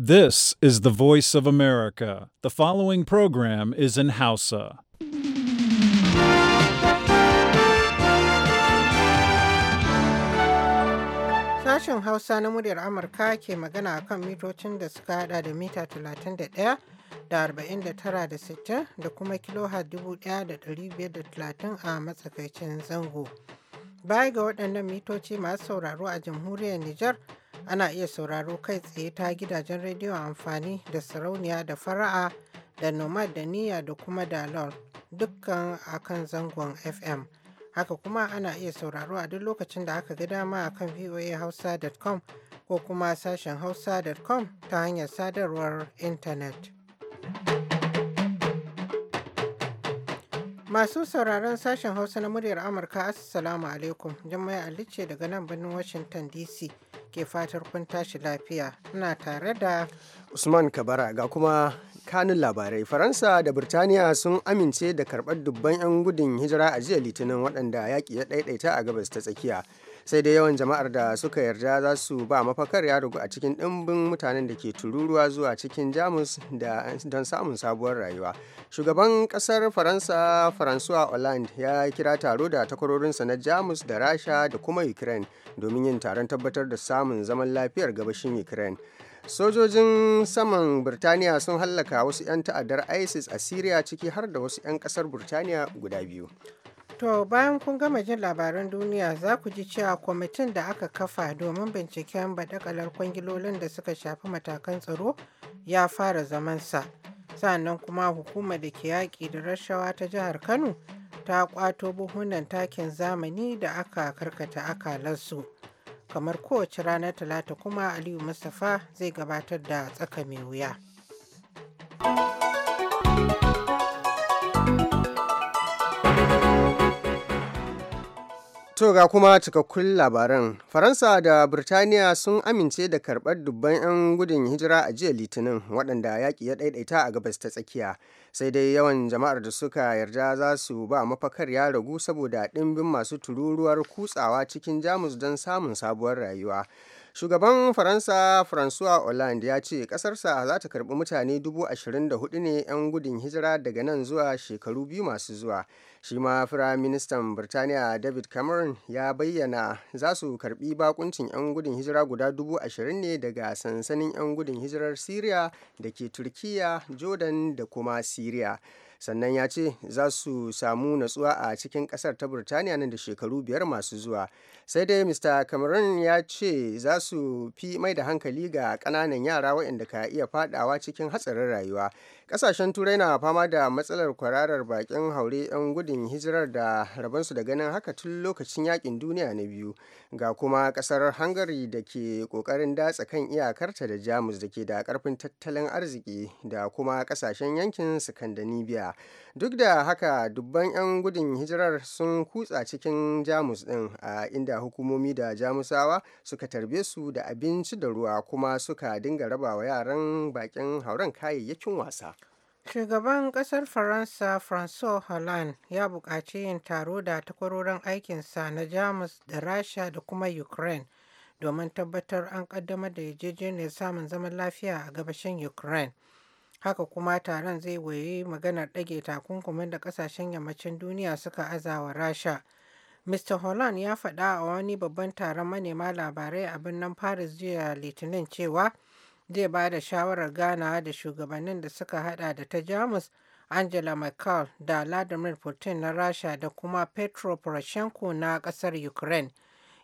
This is the voice of America. The following program is in Hausa. Sashen Hausa na muryar Amurka ke magana a kan mitocin da suka hada da mita 31 da 49 da 60 da kuma kiloha 1530 a matsakaicin zango. Baya ga waɗannan mitoci masu sauraro a jamhuriyar Nijar, Ana iya sauraro kai tsaye ta gidajen rediyon amfani da sarauniya da fara'a da nomad da niyya da kuma da dalol dukkan akan zangon FM. Haka kuma ana iya sauraro a duk lokacin da aka ga dama akan voahausa.com ko kuma sashen hausa.com ta hanyar sadarwar intanet. Masu sauraron sashen Hausa na muryar Amurka Assalamu alaikum jami'a Ali ce daga nan birnin Washington DC ke fatar kun tashi lafiya. Ina tare da Usman Kabara ga kuma kanin labarai. Faransa da Birtaniya sun amince da karɓar dubban 'yan gudun hijira a jiya Litinin waɗanda yaƙi ya ɗaiɗaita a gabas ta tsakiya. sai dai yawan jama'ar da suka yarda za su ba mafakar ya ragu a cikin ɗimbin mutanen da ke tururuwa zuwa cikin jamus don samun sabuwar rayuwa shugaban ƙasar faransa francois hollande ya kira taro da takwarorinsa na jamus da rasha da kuma ukraine domin yin taron tabbatar da samun zaman lafiyar gabashin ukraine sojojin saman birtaniya sun hallaka wasu 'yan ta'addar isis a syria ciki har da wasu 'yan kasar birtaniya guda biyu To bayan kun gama jin labaran duniya za ku ji cewa kwamitin da aka kafa domin binciken badakalar kwangilolin da suka shafi matakan tsaro ya fara zamansa. Sannan kuma hukumar da ke yaƙi da rashawa ta jihar Kano ta kwato buhunan takin zamani da aka karkata akalarsu. Kamar kowace ranar talata kuma Aliyu Mustapha zai gabatar da tsaka mai wuya. To ga kuma cikakkun labaran. Faransa da Birtaniya sun amince da karɓar dubban 'yan gudun hijira a jiya Litinin waɗanda yaƙi ya ɗaiɗaita a gabas ta tsakiya. Sai dai yawan jama'ar da suka yarda za su ba mafakar ya ragu saboda ɗimbin masu tururuwar kutsawa cikin Jamus don samun sabuwar rayuwa. shugaban faransa François hollande ya ce kasarsa za ta karbi mutane 24,000 ne 'yan gudun hijira daga nan zuwa shekaru biyu masu zuwa shi ma firaministan birtaniya david cameron ya bayyana za su karbi bakuncin 'yan gudun hijira guda dubu ashirin ne daga sansanin 'yan gudun hijirar syria da ke turkiya jordan da kuma syria sannan ya ce za su samu natsuwa a cikin kasar ta burtaniya nan da shekaru biyar masu zuwa sai dai mr cameron ya ce za su fi mai da hankali ga kananan yara waɗanda ka iya fadawa cikin hatsarin rayuwa kasashen turai na fama da matsalar kwararar bakin haure 'yan gudun hijirar da rabonsu da ganin haka tun lokacin yakin duniya na biyu ga kuma kasar hungary da ke kokarin datsa kan iyakarta da jamus da ke da karfin tattalin arziki da kuma kasashen yankin scandinavia duk da haka dubban 'yan gudun hijirar sun kutsa cikin jamus din a inda hukumomi da jamusawa suka tarbe su da abinci da ruwa kuma suka dinga raba wa yaran bakin hauren kayayyakin wasa shugaban kasar faransa François hollande ya buƙaci yin taro da takwarorin aikinsa na jamus da rasha da kuma ukraine domin tabbatar an ƙaddamar da yarjejeniyar samun zaman lafiya a gabashin ukraine Haka kuma taron zai waye maganar ɗage takunkumin da ƙasashen yammacin duniya suka azawa Rasha. Mr. Holland ya faɗa a wani babban taron manema labarai a birnin Paris jiya Litinin cewa zai ba da shawarar ganawa da shugabannin da suka hada da ta Jamus Angela Merkel da Vladimir Putin na Rasha da kuma Petro Poroshenko na ƙasar Ukraine.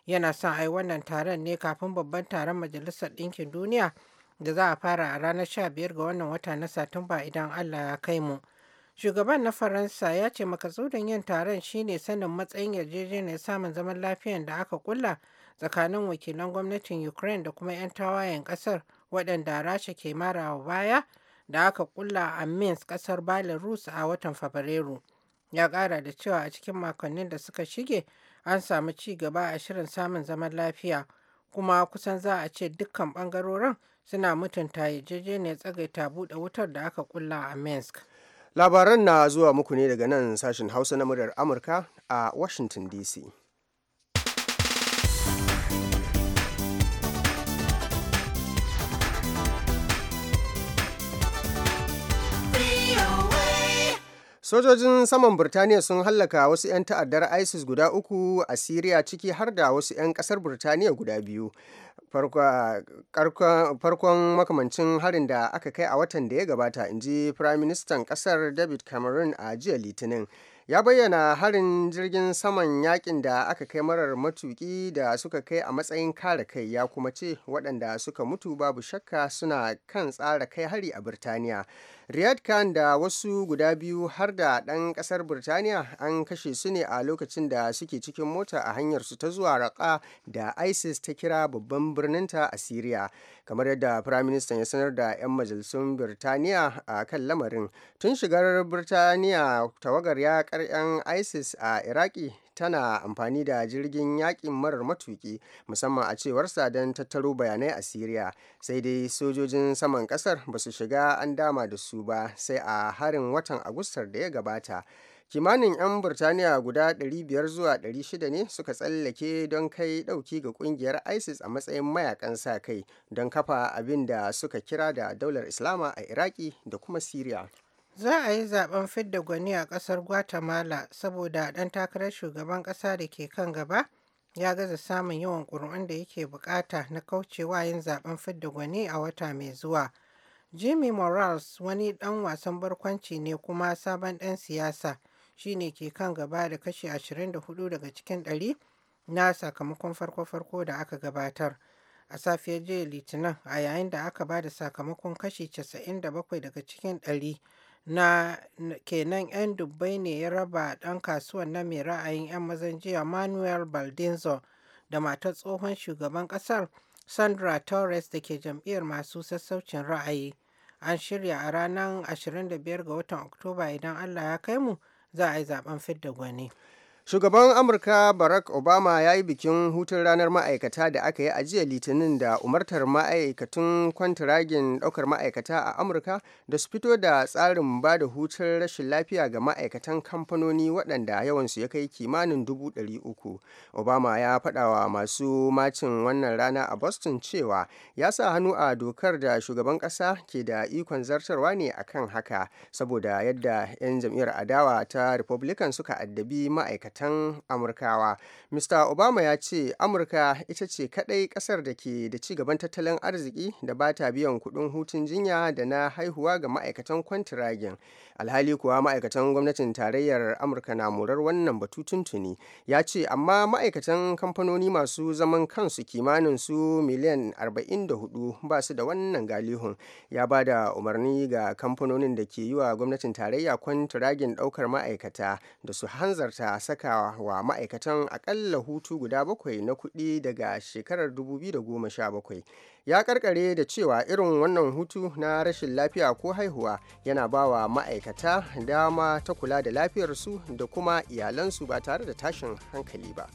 Yana son ai wannan taron ne kafin babban taron Majalisar Ɗinkin Duniya da za a fara a ranar sha biyar ga wannan wata na Satumba idan Allah ya kai mu. Shugaban na Faransa ya ce makasudin yin taron shine sanin matsayin yarjejeniyar samun zaman lafiyan da aka kulla tsakanin wakilan gwamnatin Ukraine da kuma 'yan tawayen kasar waɗanda Rasha ke mara wa baya da aka kulla a Minsk kasar Belarus a watan Fabrairu. Ya ƙara da cewa a cikin makonnin da suka shige an samu ci gaba a shirin samun zaman lafiya. kuma kusan za a ce dukkan bangarorin suna mutunta yarjejeniyar tsagaita buɗe wutar da aka kulla a minsk labaran na zuwa muku ne daga nan sashen hausa na muryar amurka a washington dc Sojojin saman Burtaniya sun hallaka wasu 'yan ta'addar ISIS guda uku a syria ciki har da wasu 'yan kasar Burtaniya guda biyu. Farkon makamancin harin da aka kai a watan da ya gabata, in ji Firaministan kasar David Cameron a jiya Litinin. ya bayyana harin jirgin saman yakin da aka kai marar matuki da suka kai a matsayin kare kai ya kuma ce waɗanda suka mutu babu shakka suna kan tsara kai hari a birtaniya Riyad Khan da wasu guda biyu har da ɗan ƙasar Birtaniya an kashe su ne a lokacin da suke cikin mota a hanyarsu ta zuwa raƙa da ISIS ta kira babban birninta a Siriya. Kamar yadda Firaministan ya sanar da 'yan majalisun Birtaniya a kan lamarin. Tun shigar Birtaniya tawagar yakar 'yan ISIS a Iraki tana amfani da jirgin yakin marar matuki musamman a cewarsa don tattaro bayanai a Siriya sai dai sojojin saman kasar ba su shiga an dama da su ba sai a harin watan Agustar da ya gabata. kimanin 'yan burtaniya guda 500 zuwa 600 ne suka tsallake don kai dauki ga kungiyar isis a matsayin mayakan sa kai don kafa abin da suka kira da daular islama a iraki da kuma syria Za a yi zaben fidda gwani a ƙasar Guatemala saboda ɗan takarar shugaban ƙasa da ke kan gaba ya gaza samun yawan ƙuri'un da yake buƙata na kaucewa yin zaben fidda gwani a wata mai zuwa. Jimmy Morales wani ɗan wasan barkwanci ne kuma sabon ɗan siyasa shine ke kan gaba da kashi 24 daga cikin ɗari na sakamakon farko-farko da aka gabatar. A safiyar jiya Litinin a yayin da aka ba da sakamakon kashi 97 daga cikin ɗari na kenan 'yan dubbai ne ya raba ɗan kasuwan na mai ra'ayin 'yan mazan jiya manuel baldinzo da matar tsohon shugaban ƙasar sandra torres da ke jam'iyyar masu sassaucin ra'ayi an shirya a ranar 25 ga watan oktoba idan allah ya kai mu za a yi zaben fidda gwani shugaban amurka barack obama ya yi bikin hutun ranar ma'aikata da aka yi a jiya litinin da umartar ma'aikatun kwantiragin daukar ma'aikata a amurka da su fito da tsarin ba da hutun rashin lafiya ga ma'aikatan kamfanoni waɗanda yawansu ya kai kimanin dubu ɗari uku obama ya faɗawa masu macin wannan rana a boston cewa ya sa hannu a dokar da shugaban ƙasa ke da ikon zartarwa ne akan haka saboda yadda 'yan jam'iyyar adawa ta republican suka addabi ma'aikata zukatan amurkawa mr obama ya ce amurka ita ce kadai kasar da ke da ci gaban tattalin arziki da ba ta biyan kudin hutun jinya da na haihuwa ga ma'aikatan kwantiragin alhali kuwa ma'aikatan gwamnatin tarayyar amurka na murar wannan batu tuntuni ya ce amma ma'aikatan kamfanoni masu zaman kansu kimanin su miliyan 44 ba su da wannan galihun ya ba da umarni ga kamfanonin da ke yi wa gwamnatin tarayya kwantiragin daukar ma'aikata da su hanzarta saka aika wa ma'aikatan akalla hutu guda bakwai na kuɗi daga shekarar 2017 ya karkare da cewa irin wannan hutu na rashin lafiya ko haihuwa yana ba wa ma'aikata dama ta kula da lafiyarsu da kuma iyalansu ba tare da tashin hankali ba.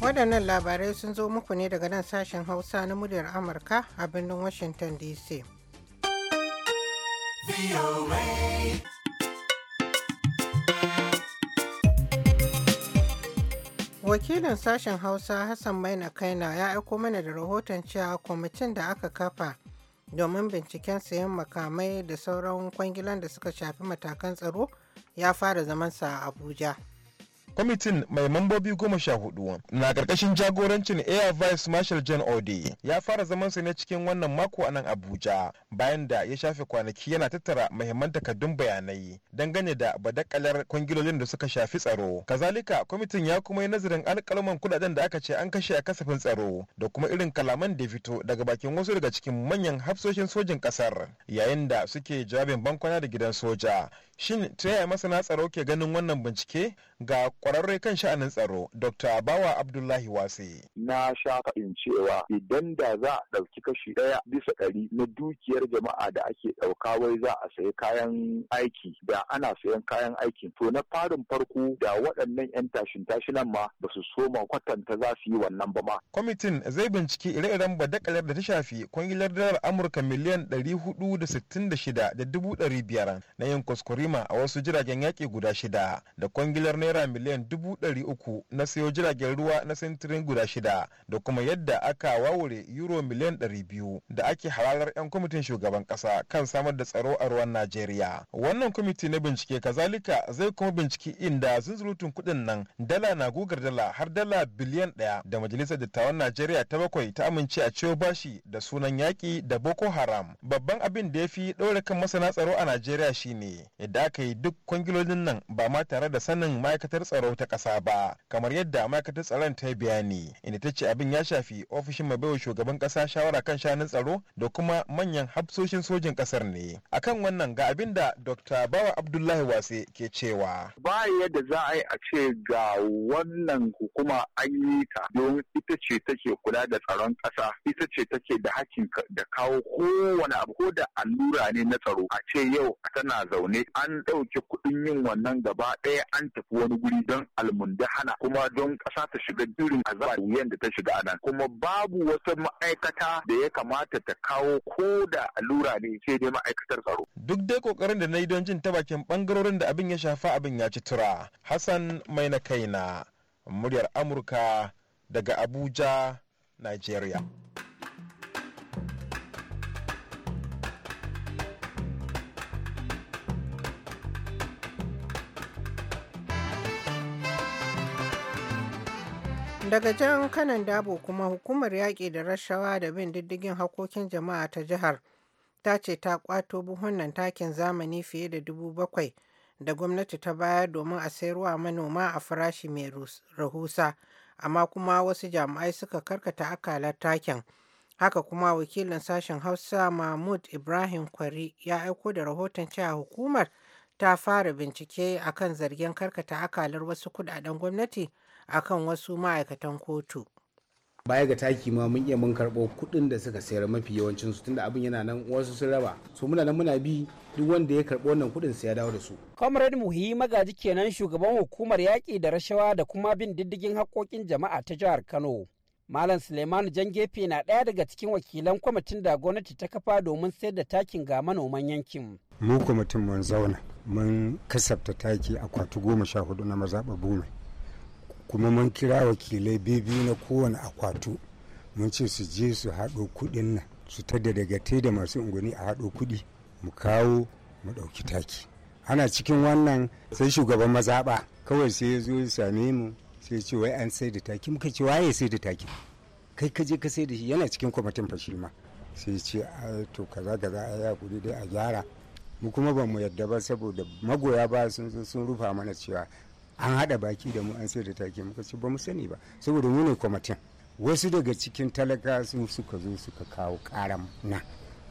waɗannan labarai sun zo muku ne daga nan sashen hausa na muryar amurka a birnin washington dc Wakilin sashen Hausa Hassan Maina Kaina ya aiko mana da rahoton cewa kwamitin da aka kafa domin binciken sayan makamai da sauran kwangilan da suka shafi matakan tsaro ya fara zamansa a Abuja. kwamitin mai mambobi goma sha hudu na karkashin jagorancin air vice marshal john ode ya fara zamansa ne cikin wannan mako a nan abuja bayan da ya shafe kwanaki yana tattara mahimman takardun bayanai dangane da badakalar kwangilolin da suka shafi tsaro kazalika kwamitin ya kuma yi nazarin alkalman kudaden da aka ce an kashe a kasafin tsaro da kuma irin kalaman da fito daga bakin wasu daga cikin manyan hafsoshin sojin kasar yayin da suke jawabin bankwana da gidan soja shin ta yaya masana tsaro ke ganin wannan bincike ga kwararre kan sha'anin tsaro dr bawa abdullahi wase na sha faɗin cewa idan da za a ɗauki kashi ɗaya bisa ɗari na dukiyar jama'a da ake ɗauka wai za a sayi kayan aiki da ana sayan kayan aiki, to na farin farko da waɗannan 'yan tashin tashinan ma ba su soma kwatanta za su yi wannan ba ma kwamitin zai binciki ire-iren badakalar da ta shafi kwangilar dalar amurka miliyan 466 da dubu 500 na yin kuskurima a wasu jiragen yaƙi guda shida da kwangilar naira miliyan miliyan dubu ɗari uku na sayo jiragen ruwa na sintirin guda shida da kuma yadda aka wawure euro miliyan ɗari biyu da ake halalar 'yan kwamitin shugaban ƙasa kan samar da tsaro a ruwan Najeriya. Wannan kwamiti na bincike kazalika zai kuma binciki inda zunzurutun kuɗin nan dala na gugar dala har dala biliyan ɗaya da majalisar dattawan Najeriya ta bakwai ta amince a ciwo bashi da sunan yaki da Boko Haram. Babban abin da ya fi ɗaure kan masana tsaro a Najeriya shine yadda aka yi duk kwangilolin nan ba ma tare da sanin ma'aikatar tsaro tsaro ta ƙasa ba kamar yadda ma'aikatar tsaron ta bayani inda ta ce abin ya shafi ofishin mai baiwa shugaban ƙasa shawara kan shanun tsaro da kuma manyan hafsoshin sojin ƙasar ne akan wannan ga abin da dr bawa abdullahi wase ke cewa ba yadda za a yi a ce ga wannan hukuma an yi ta don ita ce take kula da tsaron ƙasa ita ce take da hakkin da kawo kowane abu ko da allura ne na tsaro a ce yau tana zaune an ɗauki kuɗin yin wannan gaba ɗaya an tafi wani guri don almundahana kuma don ƙasa ta shiga a azaba wuyan da ta shiga anan kuma babu wata ma'aikata da ya kamata ta kawo ko da allura ne sai dai ma'aikatar tsaro. Duk dai kokarin da na yi don jin ta bakin bangarorin da abin ya shafa abin ya ci tura. Hassan mai na kaina muryar Amurka daga Abuja, Nigeria. Daga jan kanan dabo kuma hukumar yaƙi da rashawa da bin diddigin hakokin jama'a ta jihar ta ce ta kwato buhunan takin zamani fiye da dubu bakwai da gwamnati ta bayar domin a sayarwa manoma a farashi mai rahusa amma kuma wasu jami'ai suka karkata akalar takin haka kuma wakilin sashen hausa mahmud ibrahim kwari ya aiko da rahoton cewa hukumar ta fara bincike akan zargin karkata akalar wasu kudaden gwamnati akan wasu ma'aikatan kotu. baya ga taki ma mun iya mun karɓo kuɗin da suka sayar mafi yawancin su tunda abin yana nan wasu sun raba su muna nan muna bi duk wanda ya karɓo wannan kuɗin sai ya dawo da su. Comrade Muhi Magaji kenan shugaban hukumar yaki da rashawa da kuma bin diddigin haƙƙoƙin jama'a ta jihar Kano. Malam Suleiman Jangefe na ɗaya daga cikin wakilan kwamitin da gwamnati ta kafa domin sayar da takin ga manoman yankin. Mu kwamitin mun zauna mun kasafta taki akwati goma sha hudu na mazaɓa bume. kuma mun kira wakilai biyu na kowane akwatu mun ce su je su haɗo kuɗin nan su tada daga tai da masu unguni a haɗo kuɗi mu kawo mu ɗauki taki ana cikin wannan sai shugaban mazaɓa kawai sai ya zo ya same mu sai ce wai an sai da taki muka ce waye sai da taki kai ka je ka sai da shi yana cikin kwamitin fashilma sai ce to kaza kaza a ya kuɗi dai a gyara mu kuma ba mu yadda ba saboda magoya ba sun rufa mana cewa an haɗa baki da mu an sai da take muka ce ba mu sani ba saboda mu ne kwamitin wasu daga cikin talaka sun suka zo suka kawo karam na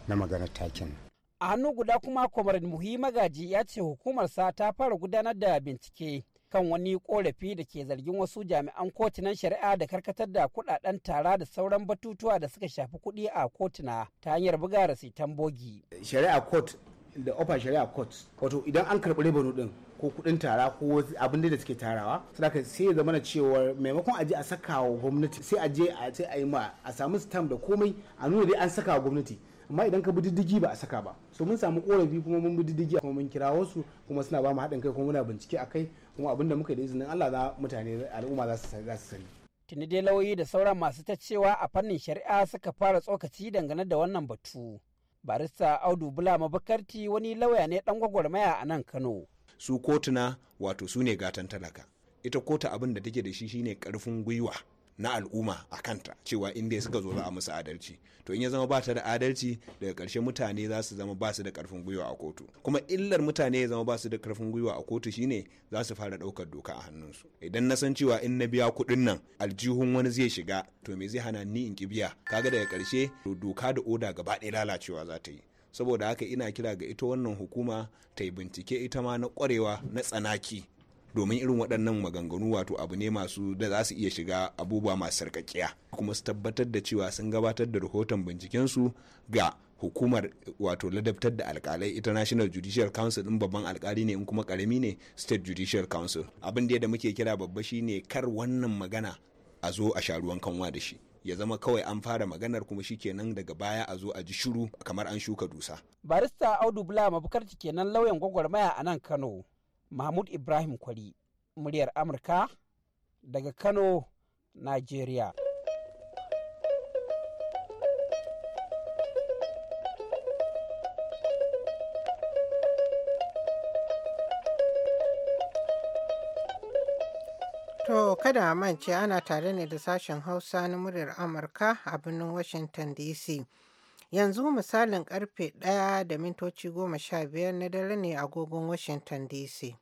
na maganar takin a hannu guda kuma kwamarin muhi magaji ya ce hukumarsa ta fara gudanar da bincike kan wani korafi da ke zargin wasu jami'an kotunan shari'a da karkatar da kudaden tara da sauran batutuwa da suka shafi kuɗi a kotuna ta hanyar buga rasitan bogi shari'a court da upper shari'a court wato idan an karɓi rebanu din ko kuɗin tara ko abin da suke tarawa saboda sai ya zamana cewa maimakon aje a saka wa gwamnati sai aje a sai a yi ma a samu stamp da komai a nuna dai an saka wa gwamnati amma idan ka bi diddigi ba a saka ba so mun samu korafi kuma mun bi diddigi kuma mun kira wasu kuma suna ba mu haɗin kai kuma muna bincike a kai kuma abin da muka da izinin Allah za mutane al'umma za su sani tuni dai lauyi da sauran masu ta cewa a fannin shari'a suka fara tsokaci dangane da wannan batu barista audu bula mabakarti wani lauya ne dan gwagwarmaya a nan kano su kotuna wato su ne gatan talaka ita kota abin da take da shi shine karfin gwiwa na al'umma a kanta cewa in dai suka zo za a musu adalci to in ya zama ba ta da adalci daga karshe mutane za su zama ba su da karfin gwiwa a kotu kuma illar mutane ya zama ba su da karfin gwiwa a kotu shine za su fara ɗaukar doka a hannunsu idan na san cewa in na biya kuɗin nan aljihun wani zai shiga to me zai hana ni in ki biya kaga daga karshe doka da oda gaba ɗaya lalacewa za ta yi saboda haka ina kira ga ita wannan hukuma ta yi bincike ita ma na kwarewa na tsanaki domin irin waɗannan maganganu wato abu ne masu da za su iya shiga abubuwa masu sarkakiya kuma su tabbatar da cewa sun gabatar da rahoton bincikensu ga hukumar wato ladabtar da alkalai international judicial council din babban alkali ne in kuma karami ne state judicial council abin da muke kira babba shine kar wannan magana a zo a sha ruwan kanwa da shi ya zama kawai an fara maganar kuma shikenan daga baya a zo a ji shiru kamar an shuka dusa barista audu bula mabukarci kenan lauyan gwagwarmaya a nan kano mahmud ibrahim kwari muryar amurka daga kano nigeria To kada a mance ana tare ne da sashen Hausa na muryar Amurka a birnin Washington DC. Yanzu misalin karfe ɗaya da mintoci goma sha biyar na dare ne a agogon Washington DC.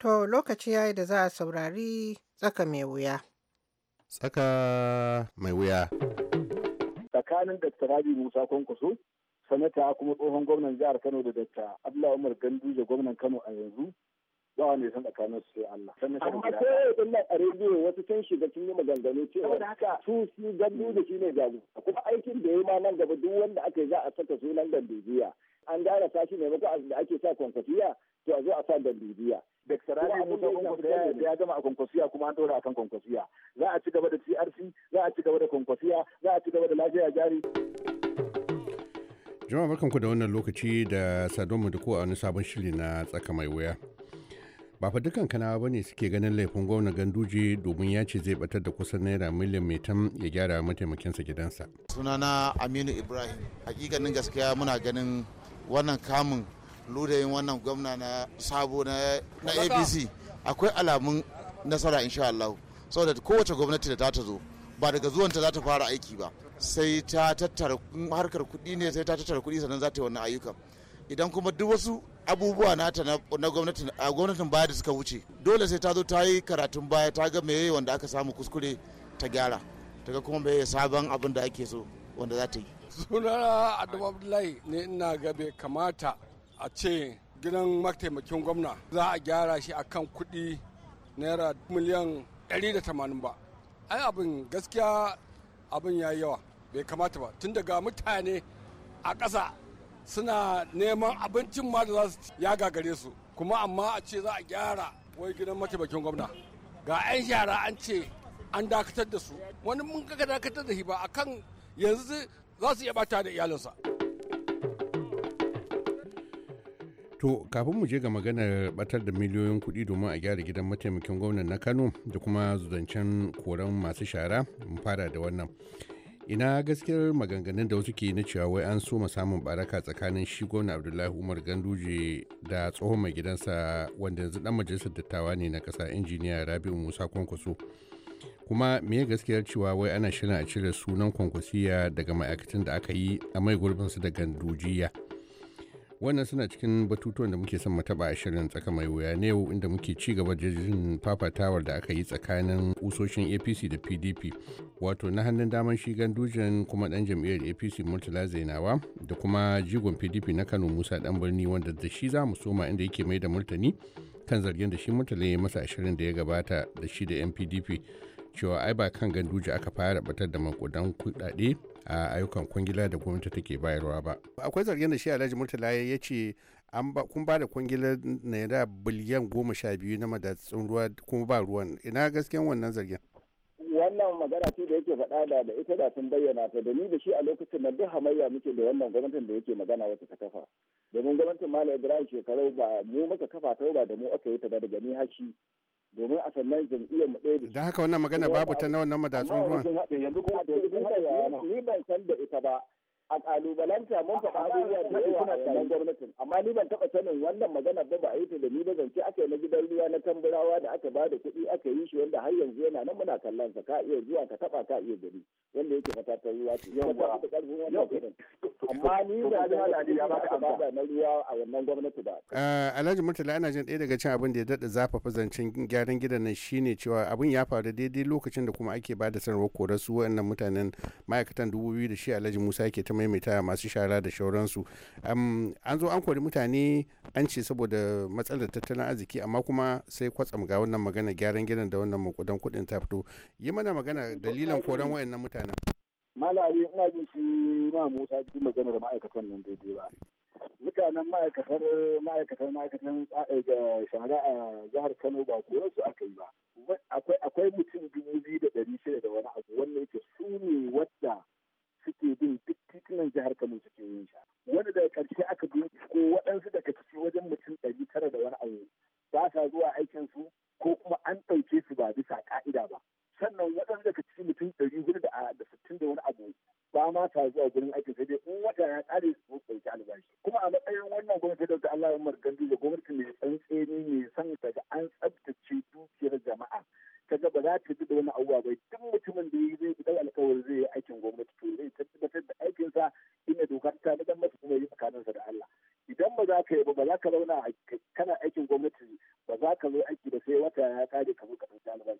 To lokaci yayi da za a saurari tsaka mai wuya. tsaka mai wuya. Tsakanin Dr. Rabi Musa Kwankwaso, sanata kuma tsohon gwamnan jihar Kano da Dr. Abdullahi Umar Ganduje gwamnan Kano a yanzu ba wanda ya san tsakanin su sai Allah. Amma sai ya yi nan a rediyo wasu sun shiga sun yi maganganu cewa haka su su Ganduje shi ne A Kuma aikin da ya yi ma nan gaba duk wanda aka za a saka sunan jiya an gara tashi maka da ake sa kwankwasiya to a zo a sa dalibiya Dr. Ali Musa ya gama a kwankwasiya kuma an ɗora a kan kwankwasiya. Za a ci gaba da CRC, za a ci gaba da kwankwasiya, za a ci gaba da lafiya jari. Jama'a barkanku da wannan lokaci da sadon da ko a wani sabon shiri na tsaka mai wuya. ba fa dukkan kanawa bane suke ganin laifin gwamna ganduje domin ya ce zai batar da kusan naira miliyan mai tam ya gyara mataimakinsa gidansa sunana aminu ibrahim hakikanin gaskiya muna ganin wannan kamun ludayin wannan gwamna na sabo na abc akwai alamun nasara insha Allah saboda kowace gwamnati da ta zo ba daga zuwanta za ta fara aiki ba sai ta tattara harkar kuɗi ne sai ta tattara kuɗi sannan za ta yi wannan ayyukan idan kuma duk wasu abubuwa nata na gwamnatin a gwamnatin baya da suka wuce dole sai ta zo ta yi karatun baya ta ga meye wanda aka samu kuskure ta gyara ta ga kuma meye sabon abin da ake so wanda za ta yi sunana adamu abdullahi ne ina ga kamata a ce gidan mataimakin gwamna za a gyara shi akan kuɗi naira miliyan 180 ba ai abin gaskiya abin ya yawa bai kamata ba tun daga mutane a ƙasa suna neman abincin ma da za su ya gagare su kuma amma a ce za a gyara wai gidan mataimakin gwamna ga 'yan shara an ce an dakatar da su wani mun ga dakatar da shi ba akan yanzu za su iya bata da iyalinsa To kafin mu je ga maganar batar da miliyoyin kuɗi domin a gyara gidan mataimakin gwamnan na Kano da kuma zancen koran masu shara mu fara da wannan. Ina gaskiyar maganganun da wasu ke na cewa wai an soma samun baraka tsakanin shi gwamna Abdullahi Umar Ganduje da tsohon mai gidansa wanda yanzu dan majalisar dattawa ne na kasa injiniya Rabi'u Musa Kwankwaso. kuma me gaskiyar cewa wai ana shirin a cire sunan kwankwasiya daga ma'aikatan da aka yi a mai gurbin su da jiya? wannan suna cikin batutuwan da muke son mataba a shirin tsaka mai wuya ne, yau inda muke ci gaba da jin fafatawar da aka yi tsakanin usoshin apc da pdp wato na hannun daman shi gandujan kuma dan jam'iyyar apc murtala zainawa da kuma jigon pdp na kano musa dan birni wanda da shi za mu soma inda yake mai da murtani kan zargin da shi murtala ya masa ashirin da ya gabata da shi da yan pdp cewa ai ba kan ganduje aka fara batar da makudan kuɗaɗe a ayyukan kungila da gwamnati take bayarwa ba akwai zargin da shi alhaji murtala ya ce an ba kun ba da kwangilar naira biliyan goma sha biyu na madatsun ruwa kuma ba ruwan ina gasken wannan zargin wannan magana ce da yake faɗa da da ita da sun bayyana ta da ni da shi a lokacin na duk hamayya muke da wannan gwamnatin da yake magana wata ta kafa domin gwamnatin malam ibrahim shekarau ba mu muka kafa ta ba da mu aka yi ta ba daga ni hashi domin a sannan jam'iyyar mu ɗaya da haka wannan magana babu ta na wannan madatsun ruwan ni ban san da ita ba a kalubalanta mun faɗa abubuwa da yawa a wannan gwamnatin amma ni ban taɓa sanin wannan magana ba ba a yi ta da ni ba zance aka yi na gidan ruwa na tamburawa da aka bada kuɗi aka yi shi wanda har yanzu yana nan muna kallon sa ka iya zuwa ka taɓa ka iya gani wanda yake fatatar ruwa ce yau ba da wannan amma ni ba da ba ka na ruwa a wannan gwamnati ba eh, Alhaji Murtala ana jin ɗaya daga cin abin da ya daɗa zafafa zancen gyaran gidan nan shine cewa abin ya faru daidai lokacin da kuma ake bada sanarwar korar su wa'annan mutanen ma'aikatan dubu biyu da shi Alhaji Musa yake ta maimaita masu shara da shauransu an zo an kori mutane an ce saboda matsalar tattalin arziki amma kuma sai kwatsam ga wannan magana gyaran gidan da wannan makudan kuɗin ta fito yi mana magana dalilan koran wayannan mutanen malami ina jin shi ma musa ji magana da ma'aikatan nan daidai ba mutanen ma'aikatar ma'aikatar ma'aikatan eh, shara a jihar kano ba koran su aka yi ba akwai mutum dubu biyu da ɗari shida da wani abu wannan yake su ne wadda suke bin duk titunan jihar Kano suke yin sha. Wani daga ƙarshe aka binciko waɗansu daga ciki wajen mutum ɗari tara da wani abu ba sa zuwa aikin su ko kuma an ɗauke su ba bisa ƙa'ida ba. sannan waɗanda daga cikin mutum ɗari hudu da sittin da wani abu ba ma ta zuwa gurin aikin sai dai in wata ya ƙare su ɗauki albashi kuma a matsayin wannan gwamnati da Allah gandu da gwamnati mai tsantseni mai son daga an tsabtace dukiyar jama'a ta ga ba za ta bi da wani abubuwa bai duk mutumin da ya zai dau alkawari zai yi aikin gwamnati to zai tabbatar da aikin aikinsa inda doka ta tanadar masa kuma yi tsakaninsa da Allah idan ba za ka yi ba ba za ka zauna kana aikin gwamnati ba za ka zo aiki ba sai wata ya ƙare ka zo ka ɗauki albashi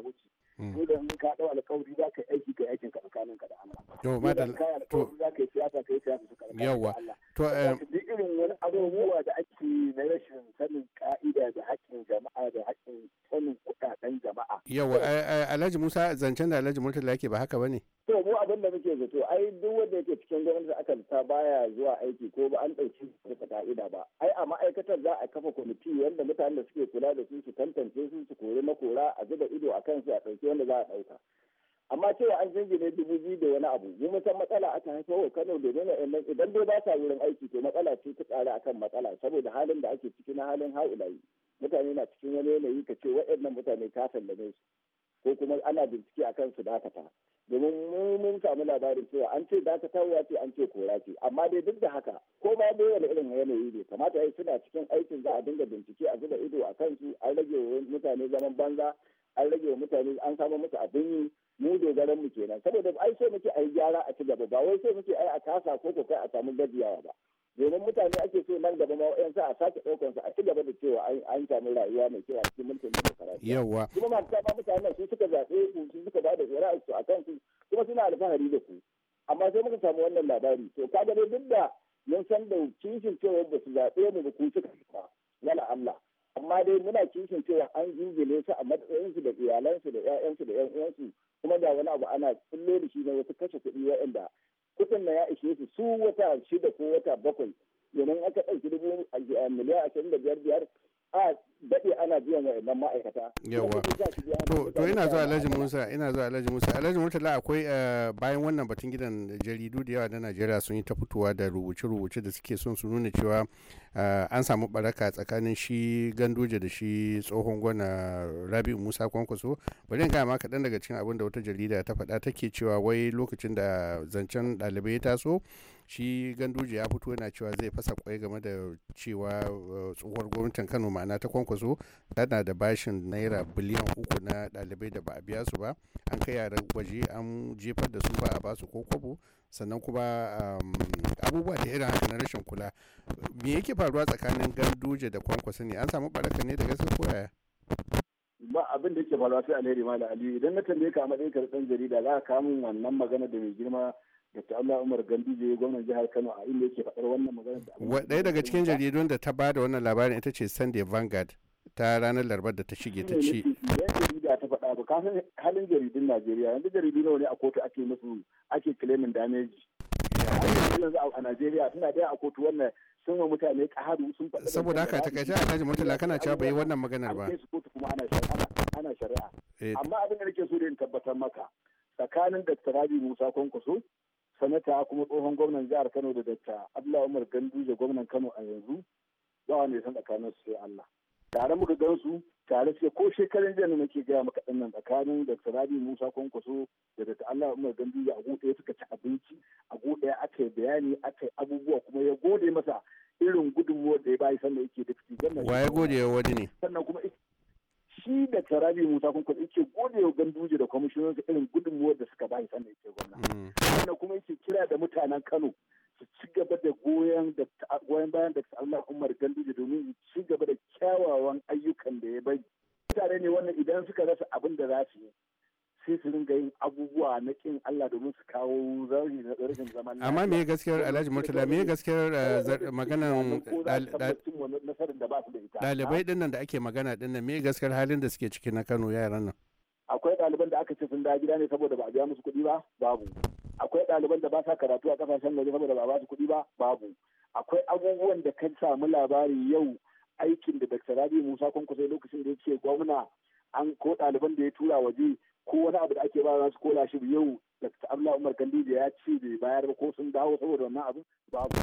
wuce mm. dole in ka dau alƙawari za ka aiki ga yakin ka tsakanin ka da Allah to da to za ka yi siyasa ka yi siyasa ka yawa to eh, duk irin wani abubuwa da ake na rashin sanin ka'ida da haƙƙin jama'a da haƙƙin sanin kuɗaɗen jama'a yawa eh, eh, alhaji Musa zancen da alhaji Murtala yake ba haka bane haifar wa Kano domin wa'annan idan dai ba sa wurin aiki to matsala ce ta tsara akan matsala saboda halin da ake ciki na halin haulayi mutane na cikin wani yanayi ka ce wa'annan mutane ka sallame su ko kuma ana bincike akan su dakata domin mu mun samu labarin cewa an ce dakatarwa ce an ce kora ce amma dai duk da haka ko ma dai wani irin yanayi ne kamata ya suna cikin aikin za a dinga bincike a zuba ido a kansu an rage wa mutane zaman banza an rage wa mutane an samu musu abin yi mu dogaran mu kenan saboda ai so muke ai gyara a ci gaba ba wai so muke ai a kasa ko ko kai a samu gajiyawa ba domin mutane ake so nan gaba ma sa a sake ɗaukan su a ci gaba da cewa an samu rayuwa mai kyau a cikin mulkin demokarasi yawa kuma ma ta ba mutane su suka zaɓe ku su suka ba da ra'ayi su akan ku kuma suna alfahari da ku amma sai muka samu wannan labari to kaga dai duk da mun san da kishin cewa ba su zaɓe mu ba ku suka ba yana Allah amma dai muna kishin cewa an jingile su a su da iyalansu da 'ya'yansu da 'yan uwansu kuma da wani abu ana kullo da shi na wasu kashe kuɗi waɗanda kuɗin na ya ishe su su wata shida ko wata bakwai domin aka ɗauki dubu miliyan ashirin da biyar biyar a daɗe ana biyan wa'annan ma'aikata. Yawwa. To ina zuwa Alhaji Musa ina zuwa Alhaji Musa Alhaji Murtala akwai eh, bayan wannan batun gidan jaridu da yawa na Najeriya sun yi ta fitowa da rubuce-rubuce da suke son su nuna cewa eh, an samu baraka tsakanin shi gandoja da shi tsohon gwana Rabi'u Musa Kwankwaso bari in ma kaɗan daga cikin abin da wata jarida ta faɗa take cewa wai lokacin da zancen ɗalibai ya taso shi ganduje ya fito yana cewa zai fasa kwai game da cewa eh, tsohuwar gwamnatin kano ma'ana ta kwankwaso tana da bashin naira biliyan uku na dalibai da ba a biya su ba an kai yaran waje an jefar da su ba a ba su ko kwabo sannan kuma abubuwa da irin haka na rashin kula me yake faruwa tsakanin ganduje da kwankwaso ne an samu baraka ne da gaske ko ba abin da yake faruwa sai alheri da ali idan na tambaye ka a matsayin jarida za ka kawo wannan magana da mai girma Dr. Allah Umar Ganduje gwamnan jihar Kano a inda yake faɗar wannan magana da Ɗaya daga cikin jaridun da ta bada wannan labarin ita ce Sunday Vanguard ta ranar Larabar da ta shige ta ce. ta halin jaridun Najeriya yanzu jaridu nawa ne a kotu ake musu ake claiming damage. a Najeriya da a Saboda haka Murtala kana cewa bai wannan maganar ba. Ana shari'a. Eh. Amma abin da nake so da in tabbatar maka tsakanin Dr. Rabi Musa Kwankwaso sanata kuma tsohon gwamnan jihar kano da dakta abdullahi umar ganduje gwamnan kano a yanzu ba wanda ya san tsakanin su sai allah tare muka gan su tare suke ko shekarun jiya nake gaya maka ɗan nan tsakanin da sarabi musa kwankwaso da dakta allah umar ganduje a ɗaya suka ci abinci a ɗaya aka yi bayani aka yi abubuwa kuma ya gode masa irin gudunmuwar da ya bayi sannan yake da fiti. wa ya gode wa wani ne. sannan kuma shi da tarabi musa kun kuɗi yake gode wa ganduje da kwamishinan irin gudunmuwar da suka bayi sannan yake gwamna wannan mm. kuma yake kira da mutanen kano su ci gaba da goyon bayan da Allah Umar Ganduje domin su ci gaba da kyawawan ayyukan da ya bari mutane ne wannan idan suka rasa abin da za su yi sai su ringa yin abubuwa na kin Allah domin su kawo zari na rashin zaman amma me gaskiyar Alhaji Murtala me gaskiyar eh, maganan dalibai din nan da ake magana din nan me gaskiyar halin da suke ciki na Kano yaran nan akwai daliban da aka ce sun da gida ne saboda ba a biya musu kuɗi ba babu akwai daliban da ba sa karatu a kasashen waje saboda ba a ba su kuɗi ba babu akwai abubuwan da kan samu labari yau aikin da Dr. Rabi Musa Kwankwaso lokacin da ya ce gwamna an ko daliban da ya tura waje ko wani abu da ake ba su kola shi yau Dr. Abla Umar Kandija ya ce bai bayar ba ko sun dawo saboda wannan abu ba babu.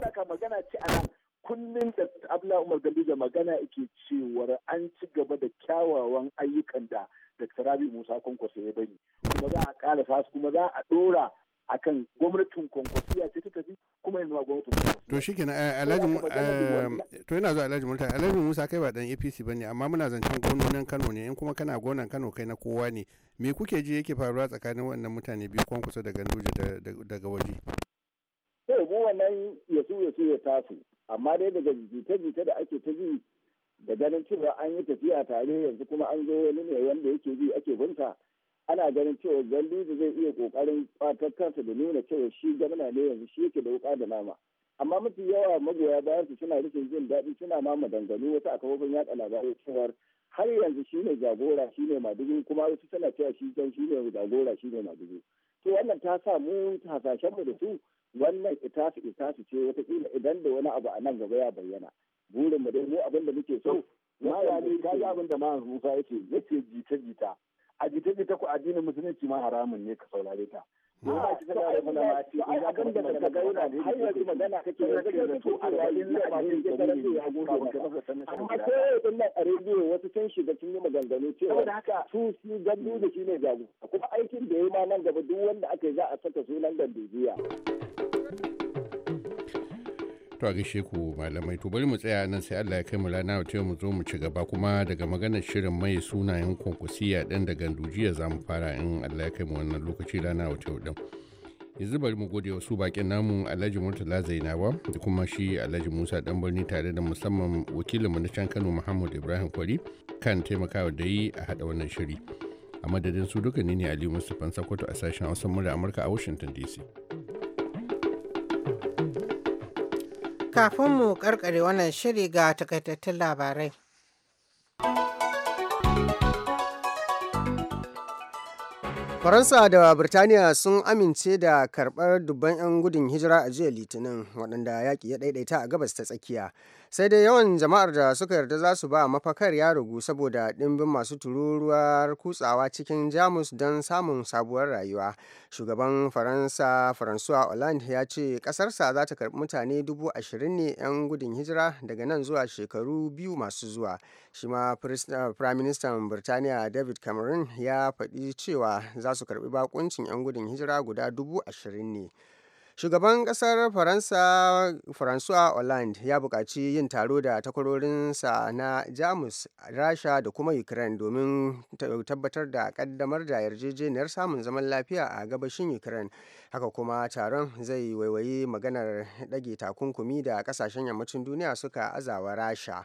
da ka magana ce a nan kullum da abla umar gandija magana yake cewar an ci gaba da kyawawan ayyukan da dr rabi musa kwankwaso ya bani kuma za a ƙara kuma za a ɗora akan gwamnatin kwankwasiya ce ta tafi kuma yanzu gwamnatin to shi na eh, alhaji eh, to yana zuwa alhaji murtala alhaji musa kai ba dan apc ba ne amma muna zancen gwamnatin kano ne in kuma kana gonan kano kai na kowa ne me kuke ji yake faruwa tsakanin wannan mutane biyu kwankwaso daga ganduje daga waje to mu wannan ya yasu ya tasu amma dai daga jita-jita da ake ta ji da ganin cewa an yi tafiya tare yanzu kuma an zo wani ne wanda yake bi ake bunta ana ganin cewa ganduje zai iya kokarin kwatar da nuna cewa shi gwamna ne yanzu shi yake da wuka da nama amma mafi yawa magoya bayan su suna rikin jin daɗi suna ma dangane wasu a kafofin yaɗa labarai cewar har yanzu shi ne jagora shi ne madugu kuma wasu suna cewa shi can shi ne jagora shi ne madugu to wannan ta sa mu hasashenmu da su wannan itasu itasu ce wataƙila idan da wani abu a nan gaba ya bayyana burin mu dai mu abin da muke so ma ya ne ka abin da ma Musa yake yake jita jita a jita-jita ku addinin musulunci ma haramun ne ka saurare ta. da da wasu sun shiga cewa gandu da shi ne jago kuma aikin da yayi ma nan gaba duk wanda aka yi za a saka sunan To a gaishe ku malamai to bari mu tsaya nan sai Allah ya kai mu rana wata mu zo mu ci gaba kuma daga maganar shirin mai sunayen kwankwasiya ɗin da gandujiya za mu fara in Allah ya kai mu wannan lokaci rana wata ɗin. Yanzu bari mu gode wasu bakin namu Alhaji Murtala Zainawa da kuma shi Alhaji Musa Danbarni tare da musamman wakilin mu na can Kano Muhammad Ibrahim Kwari kan taimakawa da yi a hada wannan shiri. A madadin su duka ne ne Mustapha sakoto a sashen Hausa Murya Amurka a Washington DC. Kafin mu karkare wannan shiri ga takaitattun labarai. Faransa da Birtaniya sun amince da karɓar dubban 'yan gudun hijira a jiya Litinin waɗanda yaƙi ya ɗaiɗaita a gabas ta tsakiya. sai dai yawan jama'ar da suka yarda za su ba mafakar ya rugu saboda ɗimbin masu tururuwar kutsawa cikin jamus don samun sabuwar rayuwa shugaban faransa faransuwa hollande ya ce ƙasarsa za ta karɓi mutane dubu ashirin ne 'yan gudun hijira daga nan zuwa shekaru biyu masu zuwa shi ma eh, prime minister birtaniya david cameron ya faɗi cewa za su karɓi bakuncin 'yan gudun hijira guda dubu ashirin ne Shugaban ƙasar Faransa François Hollande ya buƙaci yin taro da takwarorinsa na Jamus, Rasha da kuma Ukraine domin tabbatar da kaddamar da yarjejeniyar samun zaman lafiya a gabashin Ukraine. Haka kuma taron zai waiwayi maganar ɗage takunkumi da ƙasashen yammacin duniya suka azawa Rasha.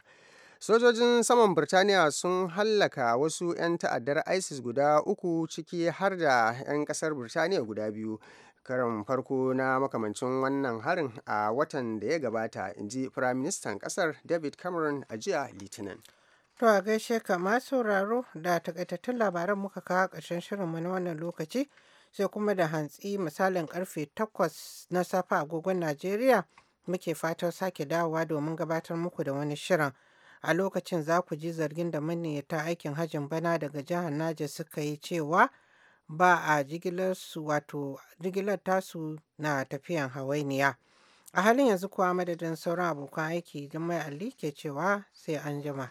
sojojin saman birtaniya sun hallaka wasu 'yan ta'addar isis guda uku ciki har da 'yan kasar birtaniya guda biyu karon farko na makamancin wannan harin a watan da ya gabata in ji firaministan kasar david cameron a jiya litinin to a gaishe kama sauraro da takaitattun labaran muka kawo ƙarshen shirinmu na wannan lokaci sai kuma da hantsi misalin karfe 8 na safe agogon najeriya muke fatan sake dawowa domin gabatar muku da wani shirin a lokacin za ku ji zargin da maniyyata aikin hajjin bana daga jihar Naja suka yi cewa ba a jigilarsu wato jigilar tasu na tafiyan hawainiya a halin yanzu kuwa madadin sauran abokan aiki mai ali ke cewa sai an jima.